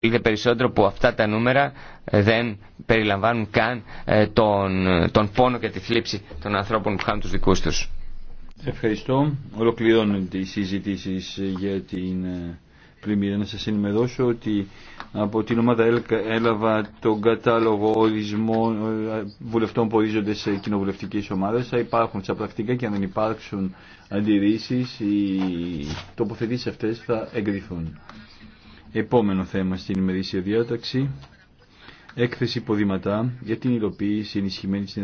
είναι περισσότερο που αυτά τα νούμερα ε, δεν περιλαμβάνουν καν ε, τον, τον πόνο και τη θλίψη των ανθρώπων που χάνουν τους δικούς τους. Ευχαριστώ. Ολοκληρώνω τις συζητήσεις για την ε, πλημμύρα. Να σας ενημερώσω ότι από την ομάδα έλαβα τον κατάλογο ορισμών βουλευτών που ορίζονται σε κοινοβουλευτικές ομάδες. Θα υπάρχουν στα πρακτικά και αν δεν υπάρξουν αντιρρήσεις οι τοποθετήσεις αυτές θα εγκριθούν. Επόμενο θέμα στην ημερήσια διάταξη. Έκθεση ποδηματά για την υλοποίηση ενισχυμένη